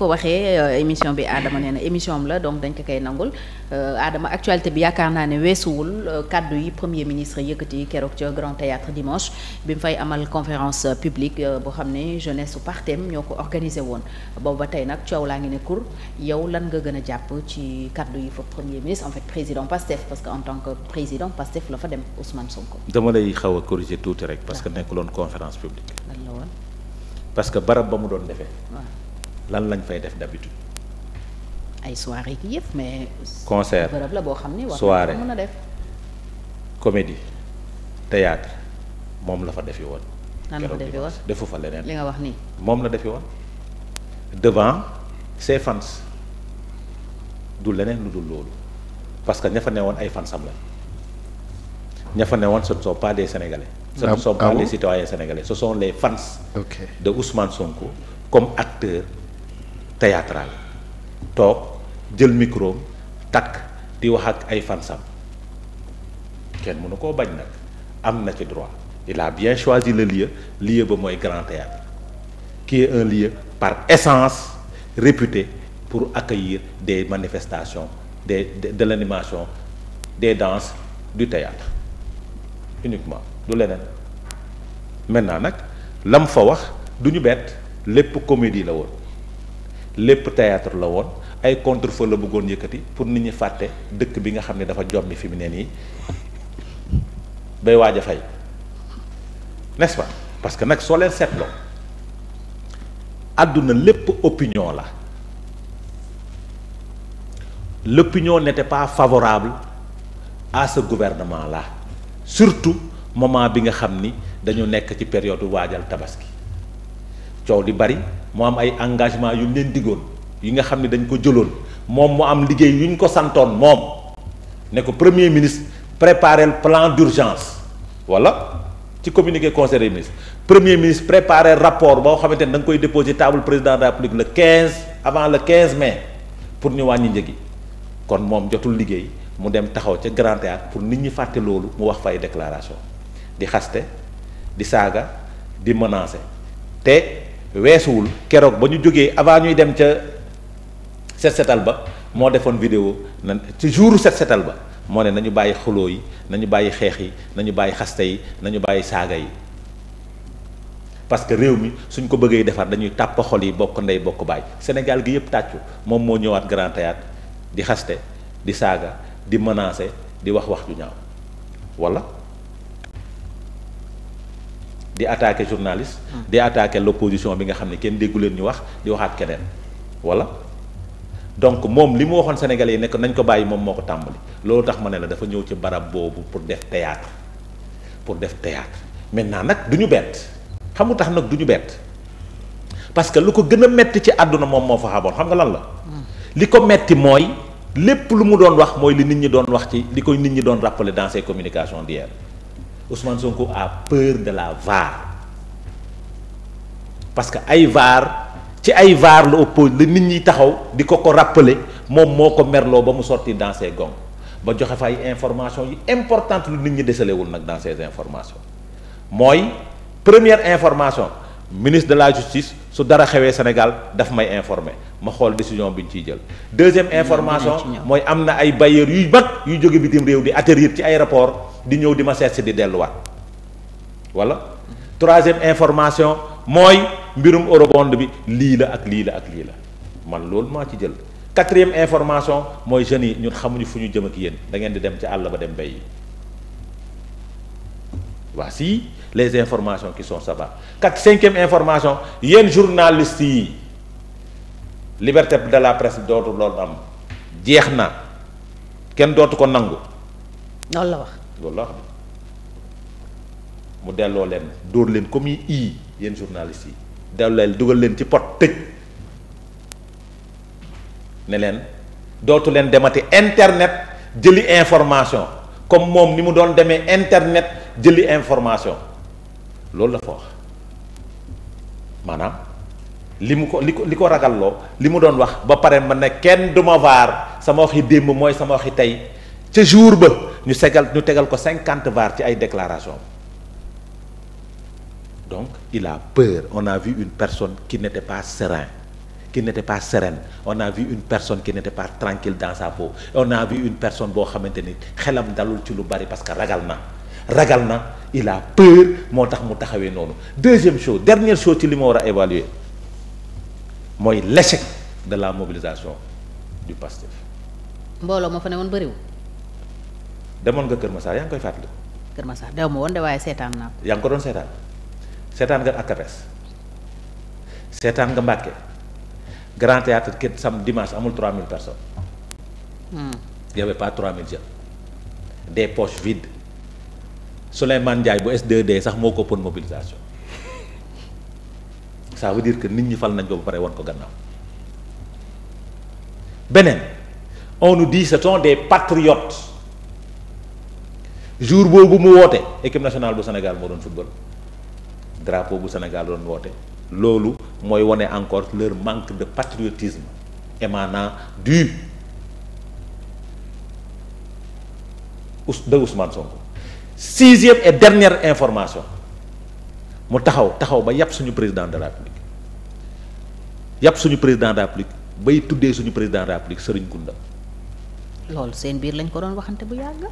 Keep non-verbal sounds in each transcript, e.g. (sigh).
ko waxee euh, émission bi Adama nee na émission la donc dañ ko koy nangul euh, Adama actualité yaakaar naa ne weesuwul euh, kàddu yi premier ministre yëkkati keroog ca Grand Théâtre dimanche mu fay amal conférence publique boo xam ne jeunesse su partem ñoo ko organisé woon boobu ba tey nag coow laa ngi ne kur yow lan nga gën a jàpp ci kàddu yi fa premier ministre en fait président Pastef parce que en tant que président Pastef la fa dem Ousmane Sonko. dama lay xaw a corriger tuuti rek. parce que nekkuloon conférence publique. lan la woon. parce que barab ba mu doon defee. lan lañ fay def d'habitude ay soirée ki yëpp mais. concert bërëb la boo xam ne war na mën a def comédie théâtre moom la fa defi woon. nan la fa woon defu fa leneen. li nga wax nii moom la defi woon. devant ses fans du leneen lu dul loolu parce que ña fa woon ay fansam la ña fa newoon ce ne sont pas soo sénégalais. ce ne ah, sont ah pas des ce sont les fans. ok de Ousmane Sonko comme acteur. théâtral toog jël micro takk di wax ak ay fansam kenn mënu koo bañ nag am na ci droit il a bien choisi le lieu lieu ba mooy grand théâtre qui est un lieu par essence réputé pour accueillir des manifestations des de, de des danses du théâtre uniquement du leneen maintenant nag lam fa wax du ñu bett lépp comédie la woon lépp théâtre la woon ay contre-feu la bëggoon yëkkati pour nit ñi fàtte dëkk bi nga xam ne dafa jommi fi mu ne nii bay waaj a fay nest pas parce que nag soo leen seetloo àdduna lépp opinion la l'opinion te pas favorable à ce gouvernement la surtout moment bi nga xam ni dañu nekk ci période waajal tabaski coow di bari mu am ay engagement yu leen diggoon yi nga xam ne dañ ko jëloon moom mu am liggéey yu ñu ko santoon moom ne ko premier ministre préparel plan d'urgence wala ci communiqué conseil des premier ministre préparel rapport boo xamante ne da koy déposer table président de la république le 15 avant le quinze mai pour ñu wàññi njëg yi kon moom jotul liggéey mu dem taxaw ca grand théâtre pour nit ñi fàtte loolu mu wax fay déclaration di xaste di saaga di menacer weesuwul keroog ba ñu jógee avant ñuy dem ca set setal ba moo defoon vidéo na ci jour set setal ba moo ne nañu bàyyi xuloo yi nañu bàyyi xeex yi nañu bàyyi xaste yi nañu bàyyi saaga yi parce que réew mi suñ ko bëggee defar dañuy tàpp xol yi bokk ndey bokk baay Sénégal gi yëpp tàccu moom moo ñëwaat Grand di xaste di saaga di menacer di wax wax ju ñaaw walla di attaquer journaliste. Hmm. di attaquer l'opposition bi nga xam ne kenn déggu leen ñu wax di waxaat keneen wala donc moom li mu waxoon sénégalais yi nekk nañ ko bàyyi moom moo ko tàmbali loolu tax ma ne la dafa ñëw ci barab boobu pour def théâtre pour def théâtre maintenant nag du ñu bett xamu tax nag du ñu bett parce que lu ko gën a metti ci àdduna moom moo fa xamoon xam nga lan la hmm. li ko metti mooy lépp lu mu doon wax mooy li nit ñi doon wax ci li koy nit ñi doon rappeler dans ses communications d'hier Ousmane Sonko a peur de la VAR parce que ay VAR ci ay VAR la oppose la nit ñi taxaw di ko ko rappeler moom moo ko merloo ba mu sorti dans ses ba joxe fa ay information yi importante lu nit ñi desalewul nag dans ces informations mooy première information ministre de la justice su dara xewee Sénégal dafa may informer ma xool décision bi ñu ciy jël. deuxième information mooy am na ay bailleurs yuy bat yuy jóge bitim réew di attérier ci aéroport di ñëw di ma seet si di delluwaat voilà. troisième information mooy mbirum eurobond bi lii la ak lii la ak lii la man loolu maa ci jël quatrième information mooy jeunes yi ñun xamuñu fu ñu jëm ak yéen da ngeen di dem ci àll ba dem bay yi waa si les informations qui sont là-bas information yéen journalistes yi liberté de la presse dootu loolu am jeex na kenn dootu ko nangu. loolu la wax. mu delloo leen dóor leen comme yi ii yéen journalistes yi delloo leen dugal leen ci pot tëj ne leen dootu leen demati internet jëli information comme moom ni mu doon demee internet. jëli information loolu la fa wax maanaam li mu ko li ko li ko ragalloo li mu doon wax ba pare ma ne kenn du ma vaar sama waxi démb mooy sama waxi tey ca jour ba ñu segal ñu tegal ko cinquante vaar ci ay déclaration donc il a peur on a vu une personne qui n'était pas serein qui n'était pas sereine on a vi une personne qui n'était pas tranquille dans a peau on a vu une personne boo xamante ni xelam dalul ci lu bari parce que ragal na ragal na il a peur moo tax mu taxawee noonu deuxième chose dernière chose ci li ma war a évaluer mooy l'échec de la mobilisation du PASTEF. mbooloo ma fa ne woon bëriwul. demoon nga Kër Massar yaa ngi koy fàttali. Kër Massar dew ma woon de waaye seetaan naa ko. yaa ngi ko doon seetaan seetaan nga Akapes seetaan nga Mbàkke Grand Théâtre kër sam dimanche amul 3000 personnes. Hmm. y avait pas 3000 jeunes. des poche vides. Souleymane Ndiaye bu S2D sax moo ko ëppoon mobilisation ça veut dire que nit ñi fal nañ ko ba pare wan ko gannaaw beneen on nous dit ce sont des patriotes jour boobu mu woote équipe nationale bu Sénégal moo doon football drapeau bu Sénégal doon woote loolu mooy wane encore leur manque de patriotisme émanant du de Ousmane Sonko. sixième et dernière information mu taxaw taxaw ba yàpp suñu président de la république yàpp suñu président de la république bay tuddee suñu président de la république sëriñ Kunda. loolu seen biir lañ ko doon waxante bu yàgg.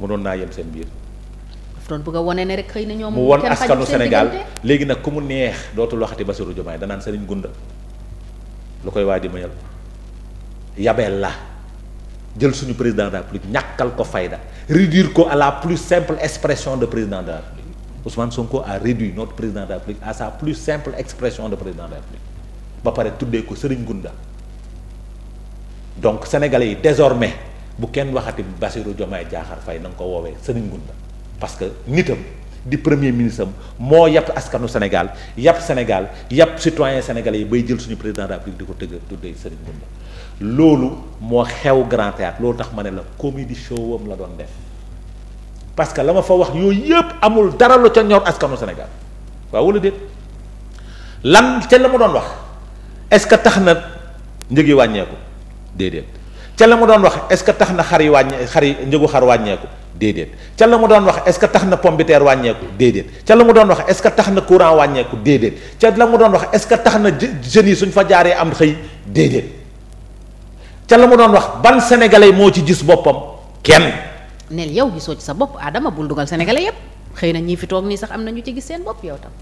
mënoon seen biir. daf doon bëgg wane ne rek xëy na mu won askanu Sénégal léegi nag ku mu neex dootul waxati Bassirou Diomaye danaan sëriñ Gunda lu koy waaj di mayal yabeel la jël suñu président de la république ñàkkal ko fayda. réduire ko à la plus simple expression de président de la République Ousmane Sonko a réduit notre président de la République à sa plus simple expression de président de la République ba pare tuddee ko Serigne Gunda donc sénégal yi désormais bu kenn waxati Bassirou Diomaye Diakhar fay na nga ko woowee Serigne Gunda parce que nitam di premier ministre am moo yàpp askanu Sénégal yàpp Sénégal yàpp citoyen sénégalais yi bay jël suñu président de la République di ko tëgg tuddee Serigne Gunda loolu moo xew grand théâtre loolu tax ma ne la comédie show am la doon def parce que la ma fa wax yooyu yëpp amul dara lu ca ñor askanu Sénégal waaw wala déet lan ca la ma doon wax est-ce que tax na njëg wàññeeku déedéet ca la ma doon wax est-ce que tax na xar yi wàññe xar yi wàññeeku déedéet ca la mu doon wax est-ce que tax na pomme de terre wàññeeku déedéet ca la mu doon wax est-ce que tax na courant wàññeeku déedéet ca la mu doon wax est-ce que tax na jeunes yi suñ fa jaaree am xëy déedéet ca la mu doon wax ban sénégalais moo ci gis boppam kenn. neel yow gisoo ci sa bopp Adama bul dugal sénégalais yépp xëy na ñii fi toog nii sax am na ñu ci gis seen bopp yow tam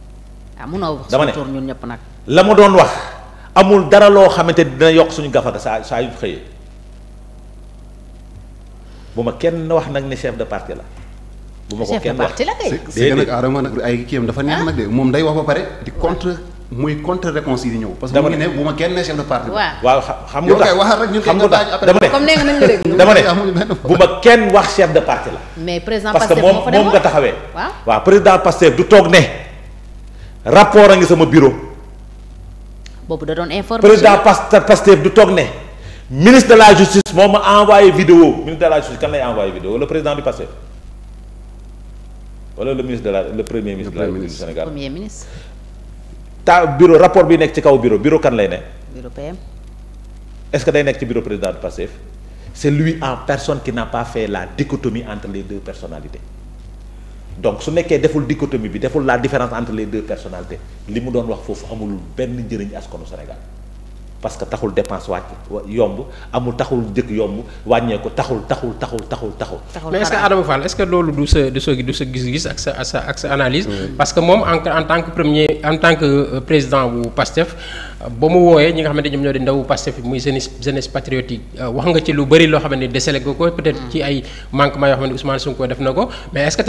ah munoo wax. dama ne suñu ñëpp nag. la doon wax amul dara loo xamante ni dina yokk suñu gafaga saa saa yu xëyee bu ma wax nag ni chef de parti la. bu ko kenn wax chef de parti la kay. c'est nag ay kii am dafa neex ah. nag de moom day wax ba pare di contre. muy contre réponse yi ñëw. parce que mu ngi ne bu ma kenn chef de waaw xam xam nga tax comme nee dama ne bu ma kenn wax chef de parti la. mais président parce que moom moom taxawee. waaw waaw président du toog ne rapport a ngi sama bureau. boobu da doon information président Pastef du toog ne ministre de la justice moo ma envoyé vidéo ministre de la justice kan lay envoyé vidéo le président du Pastef wala le ministre de la le premier ministre. du Sénégal premier ministre. ta bureau rapport bi nekk ci kaw bureau bureau kan lay ne. bureau PM. est day nekk ci bureau président du PASTEF c'est lui en personne qui n'a pas fait la dichotomie entre les deux personnalités donc su nekkee deful dichotomie bi deful la différence entre les deux personnalités li mu doon wax foofu amulul benn njëriñ askanu Sénégal. parce que taxul dépense wàcc yomb amul taxul njëkk yomb wàññeeku taxul taxul taxul taxul taxul. mais est-ce que Adama Fall est loolu du sa du sa gis-gis ak sa ak sa ak parce que moom en en tant que premier en tant que euh, président bu PASTEF. ba mu wooyee ñi nga xamante ñoom ñoo di ndaw Pastef muy jeunesse jeunesse patriotique euh, wax nga ci lu bëri loo xamante ni décelé ko peut-être ci ay manquement yoo xamante ni Ousmane Sonko def na ko mais est-ce que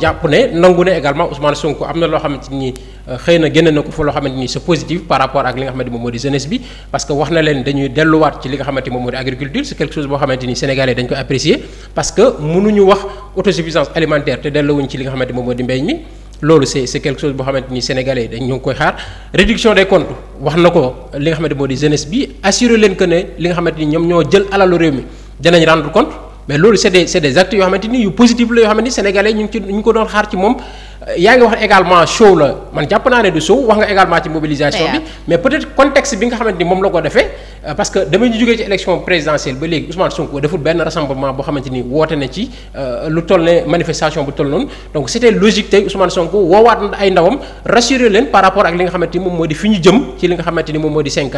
jàpp ne nangu ne également Ousmane Sonko am na loo xamante ni euh, xëy na génne na ko fa xamante ni c'est positif par rapport ak li nga xamante moom di jeunesse bi parce wax na leen dañuy delluwaat ci li nga xamante moom di agriculture c'est quelque loolu c'est c'est quelque chose boo xamante ni sénégalais dañ ñu ngi koy xaar réduction des comptes wax na ko li nga xamante moo di jeunesse bi assurer leen que ne li nga xamante ni ñoom ñoo jël alalu réew mi danañ rendre compte mais loolu c'est des c'est des actes yoo xamante ni yu positif la yoo xamante ni ñu ngi ko doon xaar ci moom yaa ngi wax également show la man jàpp naa ne du show wax nga également ci mobilisation bi mais peut-être contexte bi nga xamante ni moom la ko defee euh, parce que damay ñu ci élection présidentielle ba léegi Ousmane Sonko deful benn rassemblement boo xamante ni woote na ci euh, lu toll ne manifestation bu toll noonu donc c'était logique tey Ousmane Sonko woowaat na ay ndawam rassurer leen par rapport ak li nga xamante moom moo di fi ñu jëm ci li nga xamante ni moom moo di cinq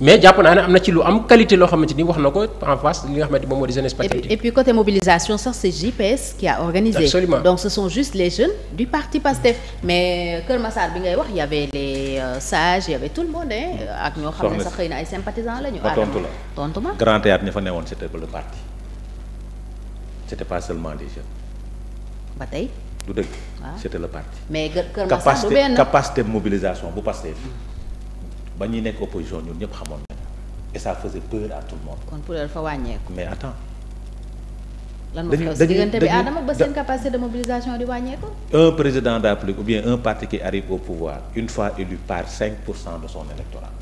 mais jàpp naa ne am na ci lu am qualité loo xamante ni wax na ko en face li nga xamante moom moo di jeunesse patriotique. et puis côté mobilisation sax c'est JPS qui a organisé. donc ce sont juste les jeunes du parti PASTEF mais euh, Kër Massar bi ngay wax y avait les euh, sages y avait tout le monde euh, ak ñoo xam ne sax xëy na ay sympathisants la ñu. ma tontu la ah, tontu ma. grand théâtre ña fa newoon c'était le parti c'était pas seulement les jeunes. ba tey. du dëgg. Ah. c'était le parti. mais Kër Massar du benn capacité capacité mobilisation bu PASTEF. ba ñuy nekk opposition ñun ñëpp xamoon nañu et ça faisait peur à tout le monde. kon Poulel dafa wàññeeku. mais attends. lan moo xew si diggante bi Adama ba seen capacité de mobilisation di wàññeeku. un président de ou bien un parti qui arrive au pouvoir une fois élu par cinq pour cent de son électorat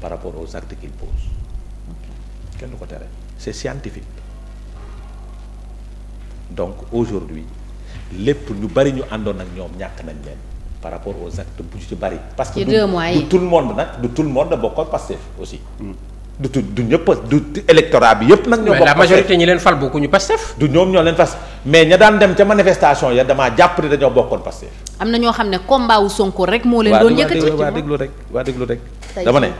par rapport aux actes qu'il pose. kenn du ko tere c'est scientifique donc aujourd'hui lépp ñu bari ñu àndoon ak ñoom ñàkk nañ leen. par rapport aux actes bu ci bari. parce que du nag du tout le monde bokkoon Pastef hmm. du tu du ñëpp du électorat bi yëpp nag. ñoo bokk la majorité ñi leen fal bokkuñu Pastef. du ñoom ñoo leen fas mais ña daan dem ca manifestation ya damaa jàpp ne dañoo bokkoon Pastef. am na ñoo xam ne combat wu Sonko rek moo leen. doon yëkkati waa déglu rek waa déglu rek. dama ne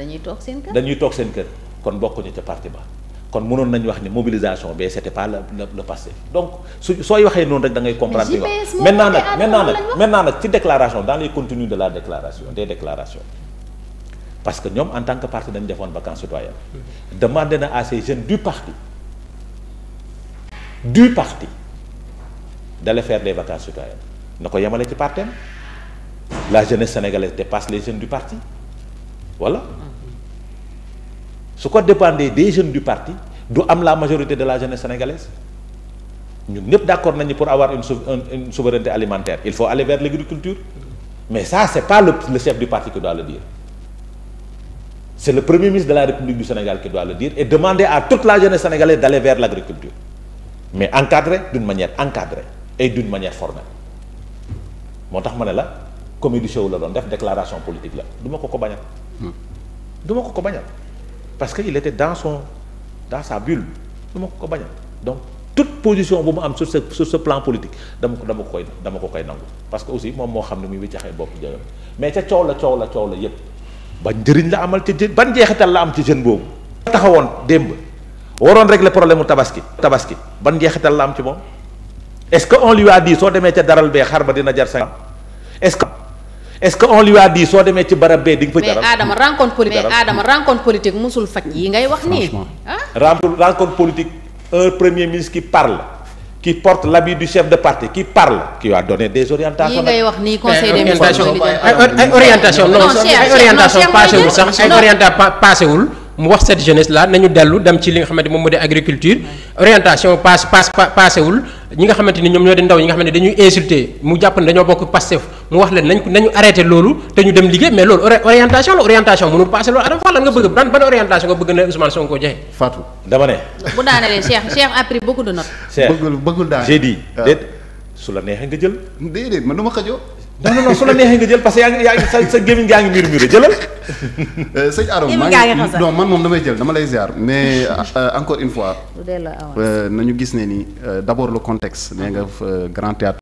dañuy toog seen kër. dañuy toog seen kër kon bokkuñu ca parti ba. kon mënoon nañu wax ni mobilisation bi c'était pas le le passé donc su sooy waxee noonu rek da ngay comprendre li maintenant nag maintenant nag maintenant nag ci déclaration dans les de la déclaration des déclarations parce que ñoom en tant que parti dañu defoon vacances citoyennes demandé na à ces jeunes du parti du parti d'aller faire des vacances citoyennes na ko yemale ci parteem la jeunesse sénégalaise dépasse les jeunes du parti voilà su ko dépendé des jeunes du parti du am la majorité de la jeunesse sénégalaise ñun ñëpp d' accord nañu pour avoir une une souveraineté alimentaire il faut aller vers l' agriculture mais ça c' est pas le le chef du parti qui doit le dire c' est le premier ministre de la république du Sénégal qui doit le dire et demander à toute la jeunesse sénégalaise d' aller vers l' agriculture mais encadré d' une manière encadrée et d' une formelle moo tax ma ne la comédie show la doon def déclaration politique la du ma ko ko bañal. Hmm. du ma ko ko parce que il était dans son dans sa lu ma ko bañal donc toute position bu mu am sur ce sur ce plan politique dama ko dama ko koy dama ko koy nangu parce que aussi moom moo xam ne muy wiccaxee bopp jëlam mais ca coow la coow la coow la yépp ba njëriñ la amal ci jën ban jeexital la am ci jeune boobu taxawoon démb waroon régler problème mu tabaski tabaski ban njeexital la am ci moom est-ce que on lui a soo demee ca daral bee xar ba dina jar cinq est est-ce que on lui a soo demee ci barab bee di nga fa. jaral mais Adama rencontre politique mais Adama rencontre politique musul faj yi ngay wax nii. franchement ah? rencontre politique un premier ministre qui parle. qui porte l'habit du chef de parti qui parle qui va donner des orientations. yi ngay wax ni conseil des ministres ay orientation non ay orientation paasewul sax ay orientation paasewul. mu wax cette jeunesse la nañu dellu dem ci li nga xamante moom moo di agriculture orientation passe passe passewul ñi nga xamante ni ñoom ñoo di ndaw ñi nga xamante dañuy insulté mu jàpp ne dañoo bokk Pastef mu wax leen nañ nañu arrêté loolu te ñu dem liggéey mais loolu orientation la orientation mënul passé loolu Adama Fall lan nga bëgg ban ban orientation nga bëgg na Ousmane Sonko joxe. Fatou dama ne. bu daanelee a pris beaucoup de notes. Cheikh bëggul bëggul daal ah. du ma non non non su la neexee nga jël parce que yaa ngi sa sa gémmiñ gaa ngi mbir mbir jëlal. Euh, sëñ Arona maa man moom damay jël dama lay ziar mais (laughs) euh, encore une fois. Ah, euh, nañu gis ne nii d' abord le contexte nee nga grand théâtre